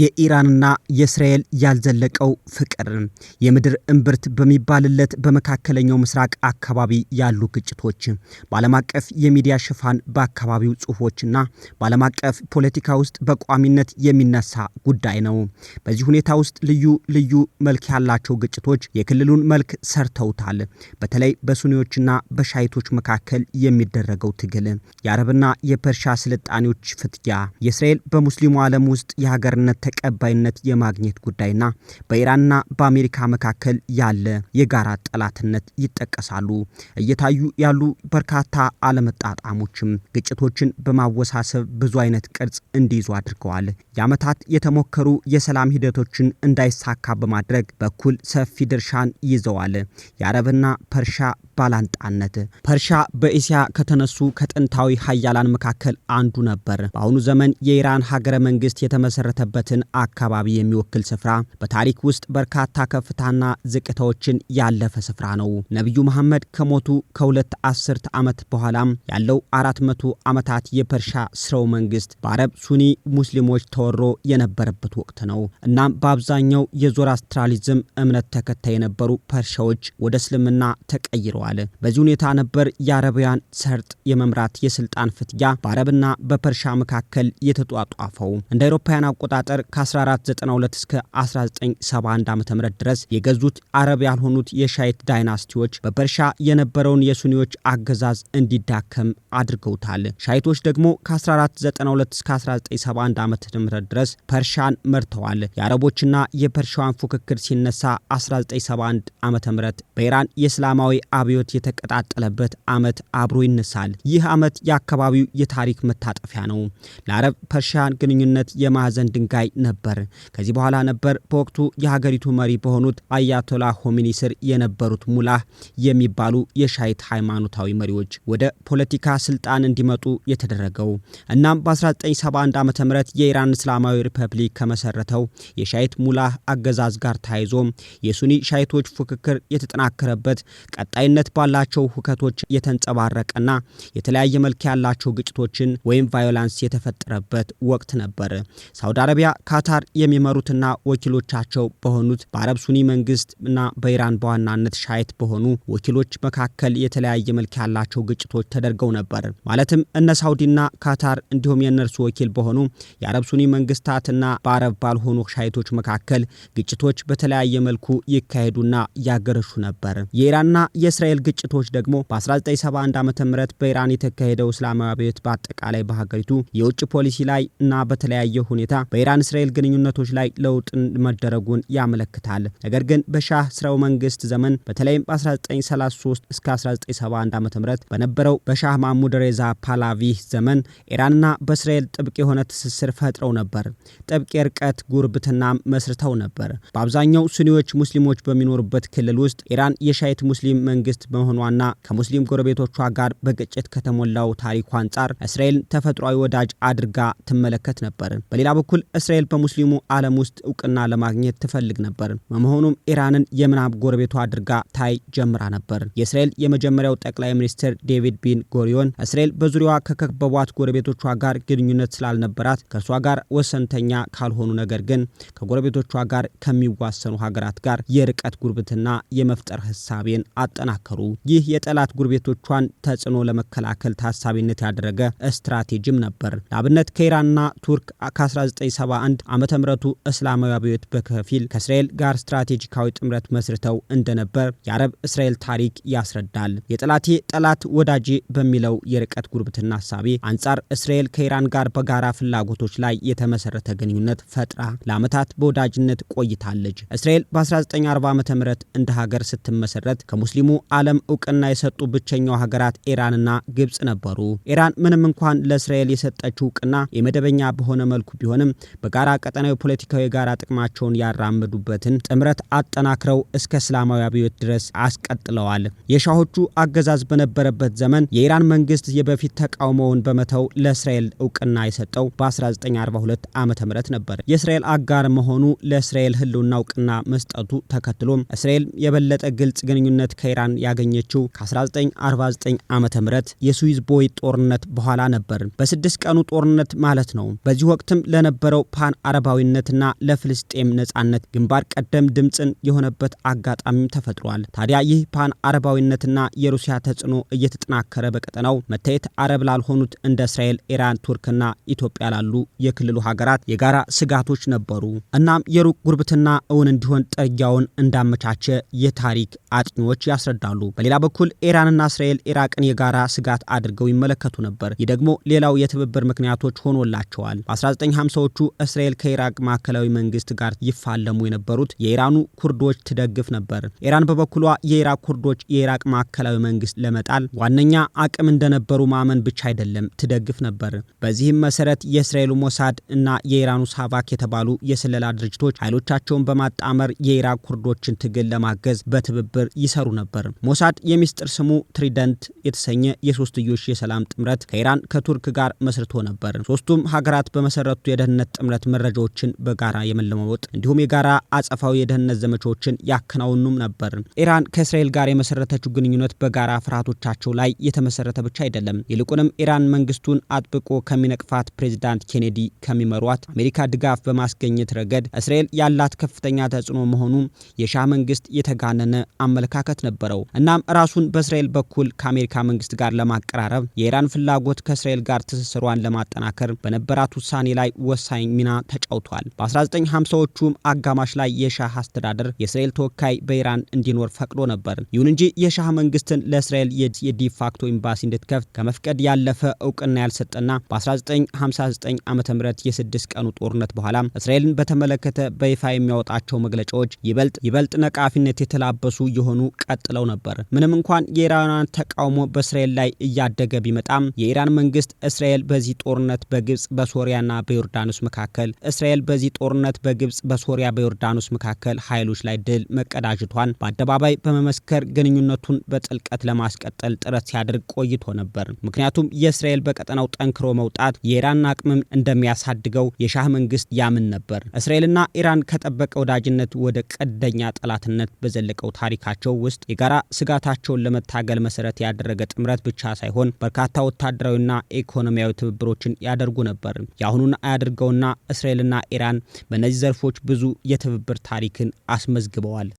የኢራንና የእስራኤል ያልዘለቀው ፍቅር የምድር እምብርት በሚባልለት በመካከለኛው ምስራቅ አካባቢ ያሉ ግጭቶች በዓለም አቀፍ የሚዲያ ሽፋን በአካባቢው ጽሁፎችና በዓለም አቀፍ ፖለቲካ ውስጥ በቋሚነት የሚነሳ ጉዳይ ነው። በዚህ ሁኔታ ውስጥ ልዩ ልዩ መልክ ያላቸው ግጭቶች የክልሉን መልክ ሰርተውታል። በተለይ በሱኒዎችና በሻይቶች መካከል የሚደረገው ትግል፣ የአረብና የፐርሻ ስልጣኔዎች ፍትያ፣ የእስራኤል በሙስሊሙ ዓለም ውስጥ የሀገርነት ተቀባይነት የማግኘት ጉዳይና በኢራንና በአሜሪካ መካከል ያለ የጋራ ጠላትነት ይጠቀሳሉ። እየታዩ ያሉ በርካታ አለመጣጣሞችም ግጭቶችን በማወሳሰብ ብዙ አይነት ቅርጽ እንዲይዙ አድርገዋል። የአመታት የተሞከሩ የሰላም ሂደቶችን እንዳይሳካ በማድረግ በኩል ሰፊ ድርሻን ይዘዋል። የአረብና ፐርሻ ባላንጣነት ፐርሻ በእስያ ከተነሱ ከጥንታዊ ሀያላን መካከል አንዱ ነበር። በአሁኑ ዘመን የኢራን ሀገረ መንግስት የተመሰረተበትን አካባቢ የሚወክል ስፍራ በታሪክ ውስጥ በርካታ ከፍታና ዝቅታዎችን ያለፈ ስፍራ ነው። ነቢዩ መሐመድ ከሞቱ ከሁለት አስርት ዓመት በኋላም ያለው አራት መቶ ዓመታት የፐርሻ ስርወ መንግስት በአረብ ሱኒ ሙስሊሞች ተወሮ የነበረበት ወቅት ነው። እናም በአብዛኛው የዞራስትራሊዝም እምነት ተከታይ የነበሩ ፐርሻዎች ወደ እስልምና ተቀይረዋል። ተገኝተዋል። በዚህ ሁኔታ ነበር የአረቢያን ሰርጥ የመምራት የስልጣን ፍትያ በአረብና በፐርሻ መካከል የተጧጧፈው። እንደ አውሮፓውያን አቆጣጠር ከ1492 እስከ 1971 ዓ ም ድረስ የገዙት አረብ ያልሆኑት የሻይት ዳይናስቲዎች በፐርሻ የነበረውን የሱኒዎች አገዛዝ እንዲዳከም አድርገውታል። ሻይቶች ደግሞ ከ1492 እስከ 1971 ዓ ም ድረስ ፐርሻን መርተዋል። የአረቦችና የፐርሻዋን ፉክክር ሲነሳ 1971 ዓ ም በኢራን የእስላማዊ አብዮ ሕይወት የተቀጣጠለበት ዓመት አብሮ ይነሳል። ይህ ዓመት የአካባቢው የታሪክ መታጠፊያ ነው። ለአረብ ፐርሺያን ግንኙነት የማዕዘን ድንጋይ ነበር። ከዚህ በኋላ ነበር በወቅቱ የሀገሪቱ መሪ በሆኑት አያቶላ ሆሚኒ ስር የነበሩት ሙላህ የሚባሉ የሻይት ሃይማኖታዊ መሪዎች ወደ ፖለቲካ ስልጣን እንዲመጡ የተደረገው። እናም በ1971 ዓ ም የኢራን እስላማዊ ሪፐብሊክ ከመሰረተው የሻይት ሙላህ አገዛዝ ጋር ተያይዞ የሱኒ ሻይቶች ፉክክር የተጠናከረበት ቀጣይነት ይዘት ባላቸው ሁከቶች የተንጸባረቀና የተለያየ መልክ ያላቸው ግጭቶችን ወይም ቫዮላንስ የተፈጠረበት ወቅት ነበር። ሳውዲ አረቢያ፣ ካታር የሚመሩትና ወኪሎቻቸው በሆኑት በአረብ ሱኒ መንግስት እና በኢራን በዋናነት ሻይት በሆኑ ወኪሎች መካከል የተለያየ መልክ ያላቸው ግጭቶች ተደርገው ነበር። ማለትም እነ ሳውዲና ካታር እንዲሁም የእነርሱ ወኪል በሆኑ የአረብ ሱኒ መንግስታትና በአረብ ባልሆኑ ሻይቶች መካከል ግጭቶች በተለያየ መልኩ ይካሄዱና ያገረሹ ነበር። የኢራንና የእስራኤል የእስራኤል ግጭቶች ደግሞ በ1971 ዓ ም በኢራን የተካሄደው እስላማዊ አብዮት በአጠቃላይ በሀገሪቱ የውጭ ፖሊሲ ላይ እና በተለያየ ሁኔታ በኢራን እስራኤል ግንኙነቶች ላይ ለውጥ መደረጉን ያመለክታል። ነገር ግን በሻህ ስርወ መንግስት ዘመን በተለይም በ1933 እስከ 1971 ዓ ም በነበረው በሻህ ማሙድ ሬዛ ፓላቪ ዘመን ኢራንና በእስራኤል ጥብቅ የሆነ ትስስር ፈጥረው ነበር። ጥብቅ የርቀት ጉርብትና መስርተው ነበር። በአብዛኛው ሱኒዎች ሙስሊሞች በሚኖሩበት ክልል ውስጥ ኢራን የሻይት ሙስሊም መንግስት መንግስት በመሆኗና ከሙስሊም ጎረቤቶቿ ጋር በግጭት ከተሞላው ታሪኩ አንጻር እስራኤልን ተፈጥሯዊ ወዳጅ አድርጋ ትመለከት ነበር። በሌላ በኩል እስራኤል በሙስሊሙ ዓለም ውስጥ እውቅና ለማግኘት ትፈልግ ነበር። በመሆኑም ኢራንን የምናብ ጎረቤቷ አድርጋ ታይ ጀምራ ነበር። የእስራኤል የመጀመሪያው ጠቅላይ ሚኒስትር ዴቪድ ቢን ጎሪዮን እስራኤል በዙሪያዋ ከከበቧት ጎረቤቶቿ ጋር ግንኙነት ስላልነበራት ከእርሷ ጋር ወሰንተኛ ካልሆኑ ነገር ግን ከጎረቤቶቿ ጋር ከሚዋሰኑ ሀገራት ጋር የርቀት ጉርብትና የመፍጠር ህሳቤን አጠናክሯል ተመካከሩ። ይህ የጠላት ጉርቤቶቿን ተጽዕኖ ለመከላከል ታሳቢነት ያደረገ ስትራቴጂም ነበር። ለአብነት ከኢራንና ቱርክ ከ1971 ዓ ም እስላማዊ አብዮት በከፊል ከእስራኤል ጋር ስትራቴጂካዊ ጥምረት መስርተው እንደነበር የአረብ እስራኤል ታሪክ ያስረዳል። የጠላቴ ጠላት ወዳጄ በሚለው የርቀት ጉርብትና ሀሳቤ አንጻር እስራኤል ከኢራን ጋር በጋራ ፍላጎቶች ላይ የተመሰረተ ግንኙነት ፈጥራ ለዓመታት በወዳጅነት ቆይታለች። እስራኤል በ1940 ዓ ም እንደ ሀገር ስትመሰረት ከሙስሊሙ ዓለም እውቅና የሰጡ ብቸኛው ሀገራት ኢራንና ግብጽ ነበሩ። ኢራን ምንም እንኳን ለእስራኤል የሰጠችው እውቅና የመደበኛ በሆነ መልኩ ቢሆንም በጋራ ቀጠናዊ ፖለቲካዊ የጋራ ጥቅማቸውን ያራምዱበትን ጥምረት አጠናክረው እስከ እስላማዊ አብዮት ድረስ አስቀጥለዋል። የሻሆቹ አገዛዝ በነበረበት ዘመን የኢራን መንግስት የበፊት ተቃውሞውን በመተው ለእስራኤል እውቅና የሰጠው በ1942 ዓ ም ነበር። የእስራኤል አጋር መሆኑ ለእስራኤል ህልውና እውቅና መስጠቱ ተከትሎም እስራኤል የበለጠ ግልጽ ግንኙነት ከኢራን ያገኘችው ከ1949 ዓ ም የስዊዝ ቦይ ጦርነት በኋላ ነበር። በስድስት ቀኑ ጦርነት ማለት ነው። በዚህ ወቅትም ለነበረው ፓን አረባዊነትና ለፍልስጤም ነጻነት ግንባር ቀደም ድምፅን የሆነበት አጋጣሚም ተፈጥሯል። ታዲያ ይህ ፓን አረባዊነትና የሩሲያ ተጽዕኖ እየተጠናከረ በቀጠናው መታየት አረብ ላልሆኑት እንደ እስራኤል፣ ኢራን፣ ቱርክና ኢትዮጵያ ላሉ የክልሉ ሀገራት የጋራ ስጋቶች ነበሩ። እናም የሩቅ ጉርብትና እውን እንዲሆን ጥርጊያውን እንዳመቻቸ የታሪክ አጥኚዎች ያስረዳሉ። ይመለከታሉ። በሌላ በኩል ኢራንና እስራኤል ኢራቅን የጋራ ስጋት አድርገው ይመለከቱ ነበር። ይህ ደግሞ ሌላው የትብብር ምክንያቶች ሆኖላቸዋል። በ1950ዎቹ እስራኤል ከኢራቅ ማዕከላዊ መንግስት ጋር ይፋለሙ የነበሩት የኢራኑ ኩርዶች ትደግፍ ነበር። ኢራን በበኩሏ የኢራቅ ኩርዶች የኢራቅ ማዕከላዊ መንግስት ለመጣል ዋነኛ አቅም እንደነበሩ ማመን ብቻ አይደለም ትደግፍ ነበር። በዚህም መሰረት የእስራኤሉ ሞሳድ እና የኢራኑ ሳቫክ የተባሉ የስለላ ድርጅቶች ኃይሎቻቸውን በማጣመር የኢራቅ ኩርዶችን ትግል ለማገዝ በትብብር ይሰሩ ነበር። ሞሳድ የሚስጥር ስሙ ትሪደንት የተሰኘ የሶስትዮሽ የሰላም ጥምረት ከኢራን ከቱርክ ጋር መስርቶ ነበር። ሶስቱም ሀገራት በመሰረቱ የደህንነት ጥምረት መረጃዎችን በጋራ የመለዋወጥ እንዲሁም የጋራ አጸፋዊ የደህንነት ዘመቻዎችን ያከናውኑም ነበር። ኢራን ከእስራኤል ጋር የመሰረተችው ግንኙነት በጋራ ፍርሃቶቻቸው ላይ የተመሰረተ ብቻ አይደለም። ይልቁንም ኢራን መንግስቱን አጥብቆ ከሚነቅፋት ፕሬዚዳንት ኬኔዲ ከሚመሯት አሜሪካ ድጋፍ በማስገኘት ረገድ እስራኤል ያላት ከፍተኛ ተጽዕኖ መሆኑ የሻህ መንግስት የተጋነነ አመለካከት ነበረው። እናም ራሱን በእስራኤል በኩል ከአሜሪካ መንግስት ጋር ለማቀራረብ የኢራን ፍላጎት ከእስራኤል ጋር ትስስሯን ለማጠናከር በነበራት ውሳኔ ላይ ወሳኝ ሚና ተጫውቷል። በ1950ዎቹም አጋማሽ ላይ የሻህ አስተዳደር የእስራኤል ተወካይ በኢራን እንዲኖር ፈቅዶ ነበር። ይሁን እንጂ የሻህ መንግስትን ለእስራኤል የዲፋክቶ ኤምባሲ እንድትከፍት ከመፍቀድ ያለፈ እውቅና ያልሰጠና በ1959 ዓ ም የስድስት ቀኑ ጦርነት በኋላ እስራኤልን በተመለከተ በይፋ የሚያወጣቸው መግለጫዎች ይበልጥ ይበልጥ ነቃፊነት የተላበሱ የሆኑ ቀጥለው ነበር። ነበር። ምንም እንኳን የኢራናውያን ተቃውሞ በእስራኤል ላይ እያደገ ቢመጣም የኢራን መንግስት እስራኤል በዚህ ጦርነት በግብጽ በሶሪያና በዮርዳኖስ መካከል እስራኤል በዚህ ጦርነት በግብጽ በሶሪያ በዮርዳኖስ መካከል ኃይሎች ላይ ድል መቀዳጅቷን በአደባባይ በመመስከር ግንኙነቱን በጥልቀት ለማስቀጠል ጥረት ሲያደርግ ቆይቶ ነበር። ምክንያቱም የእስራኤል በቀጠናው ጠንክሮ መውጣት የኢራን አቅምም እንደሚያሳድገው የሻህ መንግስት ያምን ነበር። እስራኤልና ኢራን ከጠበቀ ወዳጅነት ወደ ቀደኛ ጠላትነት በዘለቀው ታሪካቸው ውስጥ የጋራ ስጋታቸውን ለመታገል መሰረት ያደረገ ጥምረት ብቻ ሳይሆን በርካታ ወታደራዊና ኢኮኖሚያዊ ትብብሮችን ያደርጉ ነበር። የአሁኑን አያድርገውና እስራኤልና ኢራን በእነዚህ ዘርፎች ብዙ የትብብር ታሪክን አስመዝግበዋል።